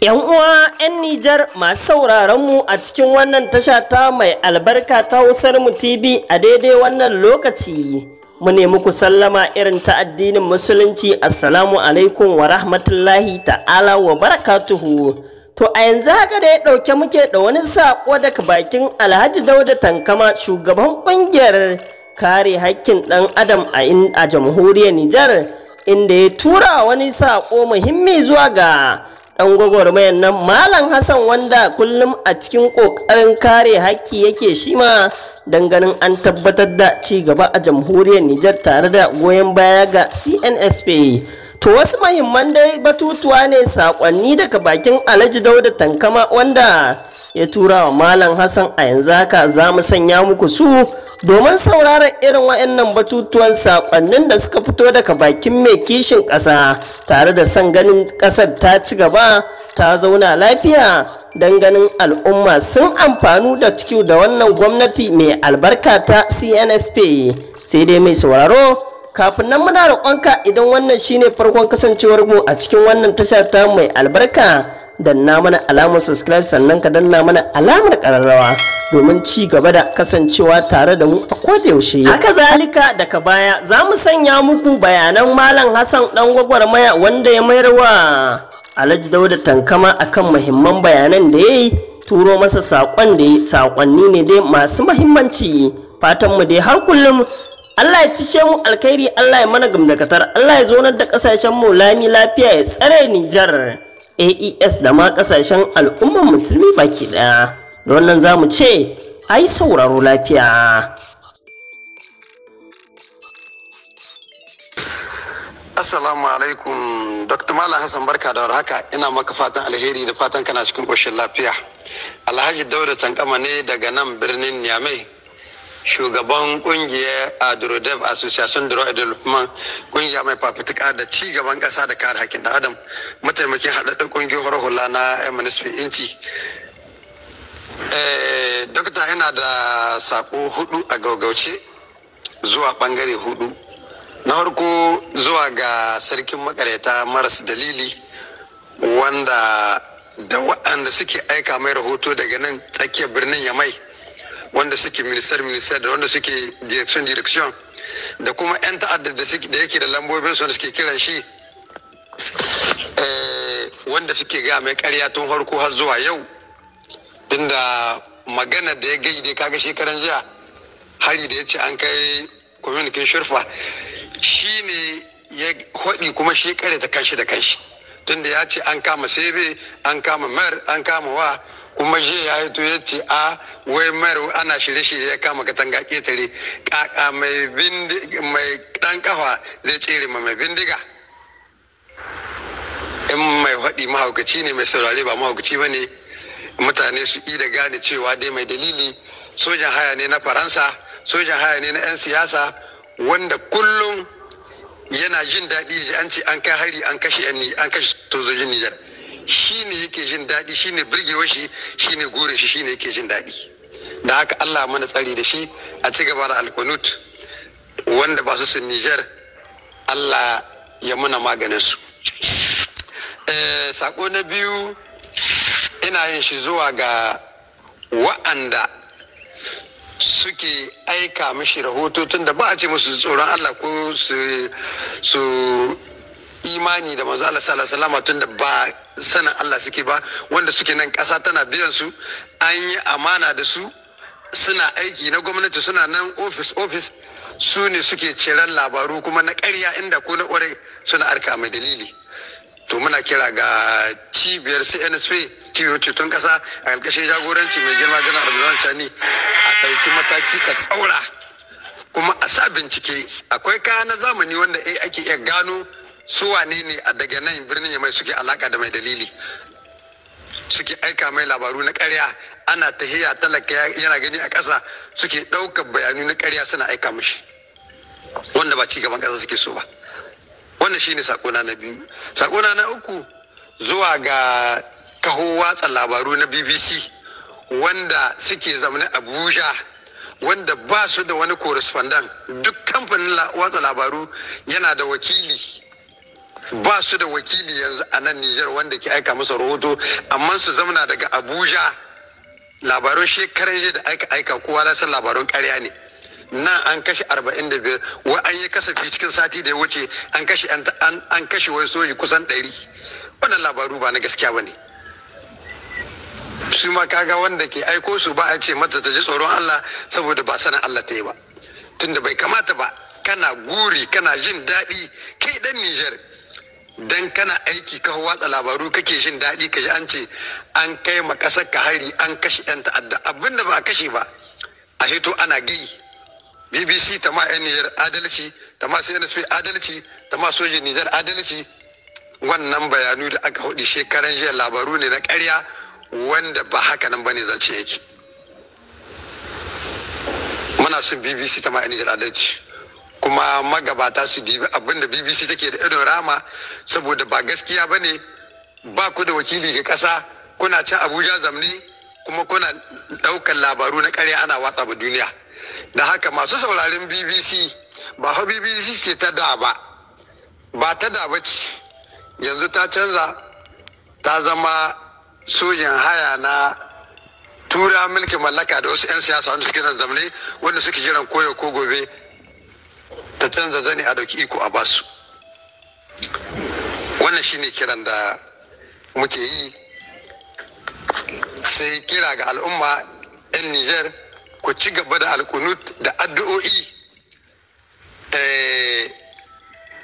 'Yan uwa 'yan Nijar masu sauraron mu a cikin wannan tasha ta mai albarka ta Hausar mu TV a daidai wannan lokaci. Mu nemi ku sallama irin ta addinin Musulunci Assalamu alaikum wa rahmatullahi ta'ala wa barakatuhu. To a yanzu haka da ya ɗauke muke da wani saƙo daga bakin Alhaji Dauda Tankama shugaban ƙungiyar kare haƙƙin ɗan adam a jamhuriyar Nijar inda ya tura wani saƙo muhimmi zuwa ga Ɗan gwagwarmayar nan malam hassan wanda kullum a cikin ƙoƙarin kare haƙƙi yake shi ma ganin an tabbatar da ci gaba a jamhuriyar nijar tare da goyon baya ga cnsp To wasu mahimman dai batutuwa ne sakonni daga bakin Alhaji Dauda Tankama wanda ya tura wa Malam Hassan a yanzu haka za mu sanya muku su domin sauraron irin wa'annan batutuwan saƙonnin da suka fito daga bakin mai kishin ƙasa tare da son ganin ƙasar ta ci gaba ta zauna lafiya don ganin al'umma sun amfanu da ciki da wannan gwamnati mai albarka ta CNSP sai dai mai sauraro kafin nan muna roƙonka idan wannan shine farkon kasancewar mu a cikin wannan tasha ta mai albarka danna mana alamar subscribe sannan ka danna mana alamar ƙararrawa domin ci gaba da kasancewa tare da mu a yaushe. Haka zalika daga baya za mu sanya muku bayanan Malam Hassan ɗan gwagwarmaya wanda ya mayar wa Alhaji Dauda Tankama akan muhimman bayanan da ya yi turo masa saƙonni ne dai masu muhimmanci. Fatanmu dai har kullum Allah ya cice mu alkhairi Allah ya mana gamdakatar Allah ya zonar da kasashen mu lami lafiya ya tsare Nijar AES da ma kasashen al'ummar musulmi baki daya da wannan za mu ce ai sauraro lafiya Assalamu alaikum Dr. Malam Hassan barka da warhaka ina maka fatan alheri da fatan kana cikin koshin lafiya Alhaji Dauda Tankama ne daga nan birnin Niamey shugaban kungiyar adrodev association drug development kungiya mai fafutuka da ci gaban kasa da kare hakkin da adam mataimakin haɗaɗɗen kungiyar hula na mnsp inci eh, dokta yana da sako hudu a gaugauce zuwa bangare hudu na farko zuwa ga sarkin makareta maras dalili wanda da waɗanda suke aika mai rahoto daga nan tsakiyar birnin yamai wanda suke minister minister da wanda suke direction direction da kuma 'yan ta'adda da yake da lambobin su da suke kiran shi eh, wanda suke ga mai karya tun farko har zuwa yau inda magana da ya gaji da kaga shekaran jiya hari da ya ce an kai communication shurfa shi ne ya hodi kuma shi kare ta kanshi da kanshi tunda ya ce an kama sebe an kama mer an kama wa kuma shi ya yi ya ce a wai mayar ana shirye-shirye ya kama katanga ketare kaka mai dan kafa zai tsere ma mai bindiga in mai haɗi mahaukaci ne mai saurare ba mahaukaci ba ne mutane su yi da gane cewa dai mai dalili sojan haya ne na faransa sojan haya ne na 'yan siyasa wanda kullum yana jin daɗi an ce an kai hari an kashe sojojin nijar shine yake jin daɗi shine birgewa shi shine gore shi shine yake jin daɗi da haka Allah mana tsari da shi a ci gaba da alkunut wanda ba su sun Niger Allah ya muna maganin su eh, sako na biyu ina yin shi zuwa ga wa'anda suke aika mishi rahoto tun da ba a ce musu tsoron Allah ko su imani da manzo Allah sallallahu alaihi wasallam tunda ba sanin Allah suke ba wanda suke nan ƙasa tana biyan su an yi amana da su suna aiki na gwamnati suna nan office office su ne suke ciran labaru kuma na ƙarya inda ko na ƙware suna arka mai dalili to muna kira ga cibiyar cnsp kiyo ceton ƙasa a ƙarƙashin jagoranci mai girma gana Abdulrahman cani a ɗauki mataki ka tsaura kuma a sa bincike akwai kaya na zamani wanda ake iya gano su wane ne a daga nan birnin ya mai suke alaka da mai dalili suke aika mai labaru na karya ana tahiya talaka yana gani a ƙasa suke ɗaukar bayanu na karya suna aika mashi wanda ba ci gaban ƙasa suke so ba wannan shine sakona na biyu sakona na uku zuwa ga kaho watsa labaru na bbc wanda suke zaune abuja wanda ba su da wani correspondent duk kamfanin watsa labaru yana da wakili ba su da wakili yanzu a nan Nijar wanda ke aika masa rahoto amma su zamana daga Abuja labarun shekaran jiya da aika aika kowa na san labarun ƙarya ne na an kashe 45 wa an yi kasafi cikin sati da ya wuce an kashe an kashe wai soji kusan 100 wannan labaru ba na gaskiya bane su ma kaga wanda ke aiko su ba a ce mata ta ji tsoron Allah saboda ba sanin Allah ta yi ba tunda bai kamata ba kana guri kana jin daɗi kai dan Nijar dan kana aiki ka watsa labaru kake jin daɗi ka ji an ce an kai ma ƙasar ka hari an kashe ɗan ta'adda abinda ba a kashe ba a hito ana gi bbc ta ma 'yan nijar adalci ta ma cnsp adalci ta ma sojin nijar adalci wannan bayanu da aka hudu shekaran jiya labaru ne na karya wanda ba haka nan bane zance yake muna son bbc ta ma 'yan nijar adalci kuma magabata su bi abinda bbc take da irin rama saboda ba gaskiya ba ne ba ku da wakili ga kasa kuna cin abuja zamni kuma kuna ɗaukar labaru na karya ana watsa ba duniya da haka masu saurarin bbc ba fa bbc ce ta da ba ba ta da ba ce yanzu ta canza ta zama sojin haya na tura mulkin mallaka da wasu 'yan siyasa wanda suke nan zamne wanda suke jiran koyo ko gobe ta canza zane a dauki iko a basu wannan shine kiran da muke yi sai kira ga al'umma 'yan niger ku ci gaba da alkunut da addu'o'i eh,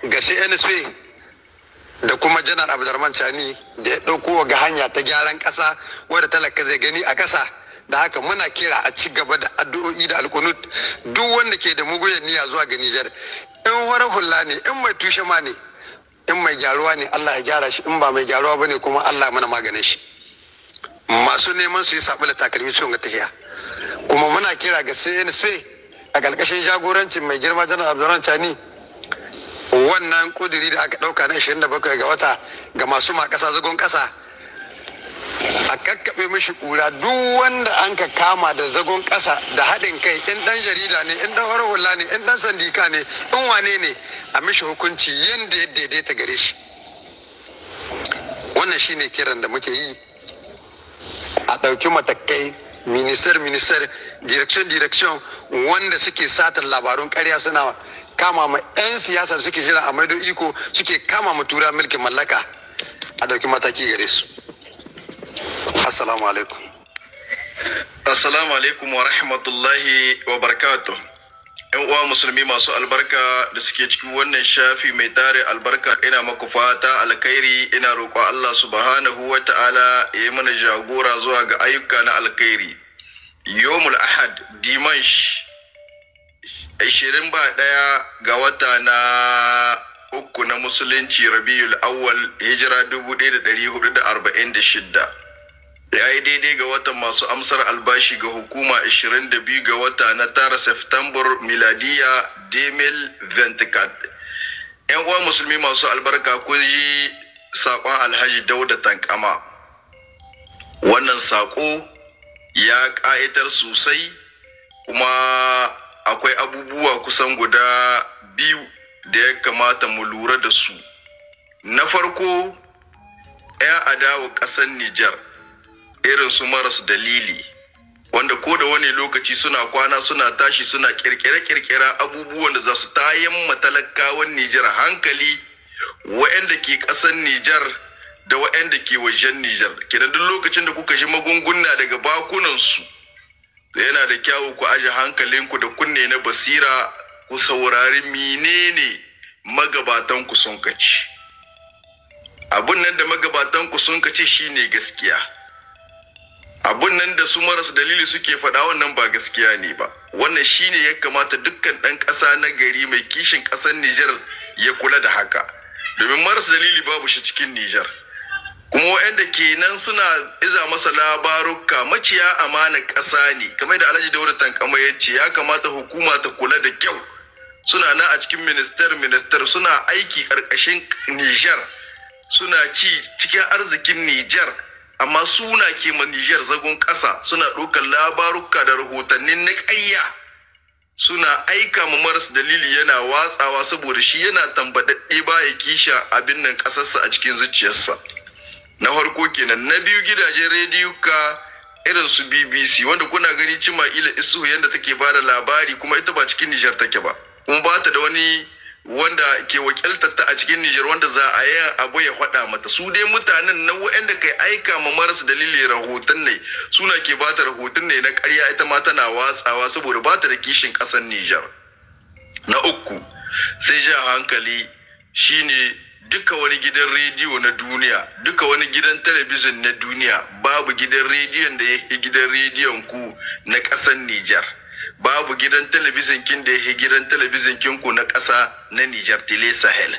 ga cnsp da kuma janar abdurrahman chani da ya ɗauko ga hanya ta gyaran ƙasa wadda talaka zai gani a ƙasa da haka muna kira a ci gaba da addu'o'i da alkunut duk wanda ke da muguyan niyya zuwa ga Nijar in wara hulla ne in mai tushe ma ne in mai gyaruwa ne Allah ya gyara shi in ba mai gyaruwa bane kuma Allah mana maganin shi masu neman su yi da takalmi ciwon ga tahiya kuma muna kira ga CNSP a ƙarƙashin jagorancin mai girma janar Abdurrahman Chani wannan kudiri da aka ɗauka na 27 ga wata ga masu ma kasa zagon kasa. a kakkaɓe mishi ƙura duk wanda an ka kama da zagon ƙasa da haɗin kai in ɗan jarida ne in ɗan hula ne in ɗan sandika ne in wane ne a mishi hukunci yadda ya daidaita gare shi wannan shine kiran da muke yi a ɗauki matakai minisar minisar direction direction wanda suke satar labarun karya suna kama ma 'yan siyasa suke jira a maido iko suke kama ma tura mulkin mallaka a ɗauki mataki gare su Assalamu alaikum. Assalamu alaikum wa rahmatullahi wa barakatuh. ‘Yan uwa musulmi masu albarka da suke cikin wannan shafi mai tare albarka ina maku fata alkhairi ina roƙo Allah subhanahu wa ta'ala ya yi mana jagora zuwa ga ayyuka na alkhairi. Yomul Ahad Dimash 21 ga wata na uku na musulunci Rabiul Awwal hijira 1446. ya yi daidai ga watan masu amsar albashi ga hukuma 22 ga wata na tara september miladiya demil ventikat yan uwa musulmi masu albarka kun yi saƙon alhaji dauda tankama wannan saƙo ya ƙa'itar sosai kuma akwai abubuwa kusan guda biyu da ya kamata mu lura da su na farko 'yan adawa ƙasar nijar irin su maras dalili wanda ko da wani lokaci suna kwana suna tashi suna kirkire-kirkira abubuwan da za su tayan matalakawan Nijar hankali wa'anda ke ƙasar Nijar da wa'anda ke wajen Nijar. Kenan duk lokacin da kuka ji magunguna daga bakunansu yana da kyawu ku aje hankalinku da kunne na basira ku saurari menene magabatanku sun kaci. Abun nan da magabatanku sun kaci shine gaskiya. abun nan da su maras dalili suke faɗa wannan ba gaskiya ne ba wannan shine ya kamata dukkan ɗan ƙasa na gari mai kishin ƙasar Nijar ya kula da haka domin maras dalili babu shi cikin Nijar kuma ke nan suna iza masa labaruka maciya amana ƙasa ne kamar da Alhaji Dauda Tankama ya ce ya kamata hukuma ta kula da kyau suna na a cikin minister minister suna aiki ƙarƙashin Nijar suna ci cikin arzikin Nijar amma suna ke ma Nijar zagon ƙasa suna ɗaukar labaruka da rahotannin na ƙayya suna aika ma maras dalili yana watsawa saboda shi yana tambaɗaɗɗe ya kisha abin nan ƙasarsa a cikin zuciyarsa na farko kenan na biyu gidajen rediyo ka irin su BBC wanda kuna gani ila Isuhu yadda take ba da labari kuma ita ba cikin Nijar take ba kuma ba ta da wani wanda ke wakiltarta a cikin Nijar wanda za a yi abu ya faɗa mata su dai mutanen na waɗanda kai aika ma maras dalili rahoton ne suna ke ba ta rahoton ne na ƙarya ita ma tana watsawa saboda ba ta da kishin ƙasar Nijar na uku sai ja hankali shine duka wani gidan rediyo na duniya duka wani gidan talabijin na duniya babu gidan rediyon da ya gidan rediyon ku na ƙasar Nijar. babu gidan talabijin kin da yake gidan talabijin kinku na ƙasa na Nijar Tele Sahel.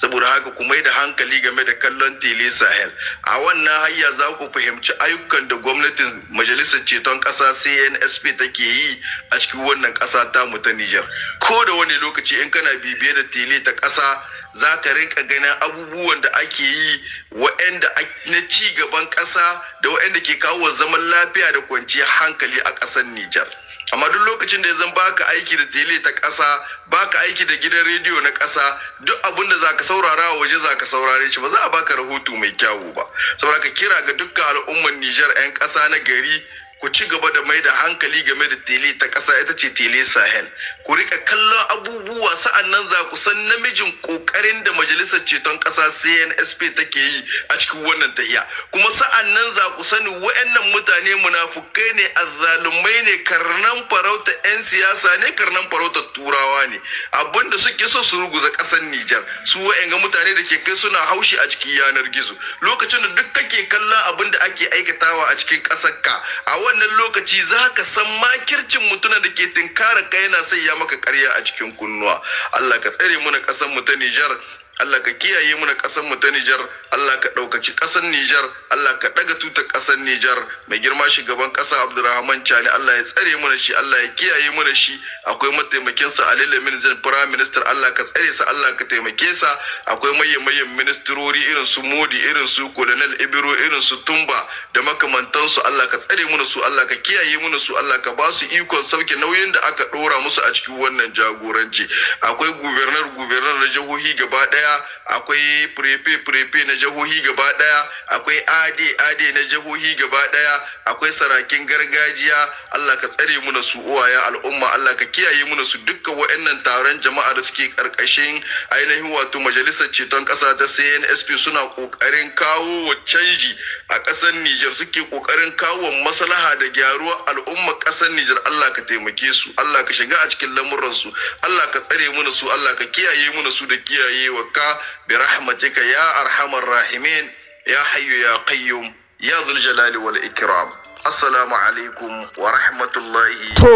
Saboda haka ku mai da hankali game da kallon Tele Sahel. A wannan hayya za ku fahimci ayyukan da gwamnatin Majalisar Ceton Ƙasa CNSP take yi a cikin wannan ƙasa tamu ta Nijar. Ko da wani lokaci in kana bibiye da Tele ta ƙasa za ka rinka ganin abubuwan da ake yi wa'anda na ci gaban ƙasa da waɗanda ke kawo zaman lafiya da kwanciyar hankali a ƙasar Nijar. amma duk lokacin da ya zan baka aiki da tele ta ƙasa baka aiki da gidan rediyo na ƙasa duk abin da zaka saurara a waje zaka saurare shi ba za a baka rahoto mai kyawu ba saboda ka kira ga dukkan al'ummar Nijar 'yan ƙasa na gari ku ci gaba da mai da hankali game da tele ta ƙasa ita ce tele sahel ku rika kallon abubuwa sa'an nan za ku san namijin ƙoƙarin da majalisar ceton ƙasa cnsp take yi a cikin wannan tahiya kuma sa'an nan za ku sani wa'annan mutane munafukai ne azzalumai ne karnan farauta 'yan siyasa ne karnan farauta turawa ne abinda suke so su ruguza ƙasar nijar su wa'anga mutane da ke kai suna haushi a cikin yanar gizo lokacin da duk kake kallon abin da ake aikatawa a cikin ƙasar ka a wannan lokaci za ka san makircin mutumin da ke tinkara ka yana sai ya maka karya a cikin kunnuwa Allah ka tsare mu na ƙasar mu ta Nijar Allah ka kiyaye muna ƙasar mu ta Nijar, Allah ka ɗaukaki ƙasar Nijar, Allah ka ɗaga tuta ƙasar Nijar, mai girma shugaban ƙasa Abdulrahman Chani, Allah ya tsare muna shi, Allah ya kiyaye muna shi, akwai mataimakin sa Ali Lamin Zain Prime Minister, Allah ka tsare sa, Allah ka taimake sa, akwai mayyan ministrori irin su Modi, irin su Colonel Ibiro, irin su Tumba da makamantan su, Allah ka tsare muna su, Allah ka kiyaye muna su, Allah ka ba su ikon sauke nauyin da aka ɗora musu a cikin wannan jagoranci. Akwai gubernar gubernar na jihohi gaba ɗaya daya akwai prepe prepe na jihohi gaba daya akwai ade ade na jihohi gaba daya akwai sarakin gargajiya Allah ka tsare na su uwaye al'umma Allah ka kiyaye na su dukkan wa'annan taron jama'a da suke karkashin ainihin wato majalisar ceton kasa ta CNSP suna kokarin kawo wa canji a kasar Niger suke kokarin kawo maslaha da gyaruwa. al'umma kasar Niger Allah ka taimake su Allah ka shiga a cikin lamuransu Allah ka tsare na su Allah ka kiyaye na su da kiyayewa ka bi rahmatika ya arhamar rahimin ya hayyu ya qayyum ya zul jalali wal ikram assalamu alaikum wa rahmatullahi to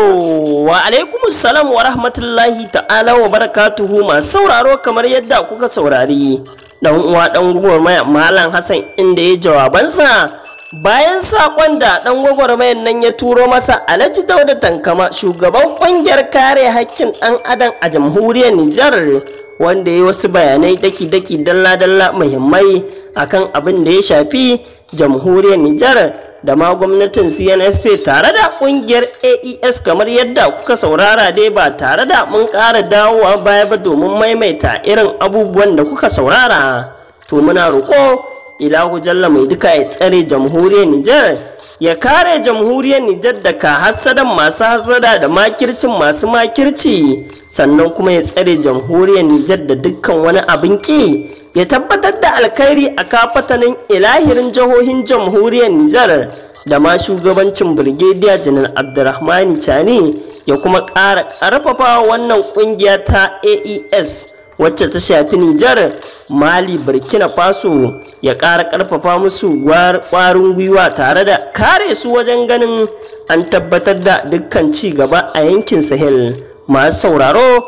wa alaikum assalam wa rahmatullahi ta'ala wa barakatuhu ma sauraro kamar yadda kuka saurari dan uwa dan malam hassan inda ya jawabansa bayan sakon da dan gwagwarmayan nan ya turo masa alhaji dauda tankama shugaban kungiyar kare haƙƙin ɗan adam a jamhuriyar nijar wanda ya wasu bayanai daki-daki dalla-dalla muhimmai akan abin da ya shafi jamhuriyar Nijar da ma gwamnatin CNSP tare da kungiyar AES kamar yadda kuka saurara dai ba tare da mun ƙara dawowa baya ba domin maimaita irin abubuwan da kuka saurara. To muna roƙo ilahu jalla mai duka ya tsare jamhuriyar nijar ya kare jamhuriyar nijar da ka hasadan masu hasada da makircin masu makirci sannan kuma ya tsare jamhuriyar nijar da dukkan wani abin ki ya tabbatar da alkhairi a kafatanin ilahirin jihohin jamhuriyar nijar da ma shugabancin birgediya janar abdurrahmani chani ya kuma ƙara ƙarfafa wannan ƙungiya ta aes wacce ta shafi Nijar, Mali, Burkina Faso ya ƙara ƙarfafa musu ƙwarin gwiwa tare da kare su wajen ganin an tabbatar da dukkan ci gaba a yankin Sahel. Masu sauraro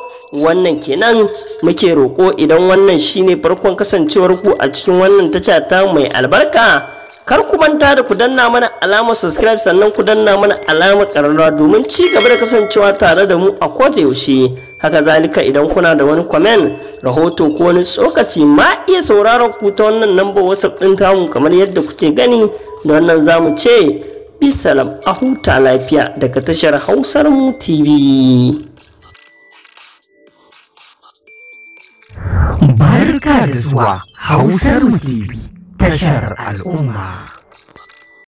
wannan kenan muke roƙo idan wannan shine farkon kasancewar ku a cikin wannan taca ta mai albarka. Kar ku manta da ku danna mana alamar subscribe sannan ku danna mana alamar ƙararrawa domin ci gaba da kasancewa tare da mu a kodayaushe yaushe. haka zalika idan kuna da wani kwamen rahoto ko wani tsokaci ma iya sauraron ku ta wannan namba whatsapp ɗin tamu kamar yadda kuke gani da wannan zamu ce bisalam a huta lafiya daga tashar hausar mu tv barka da zuwa hausar mu tv tashar al'umma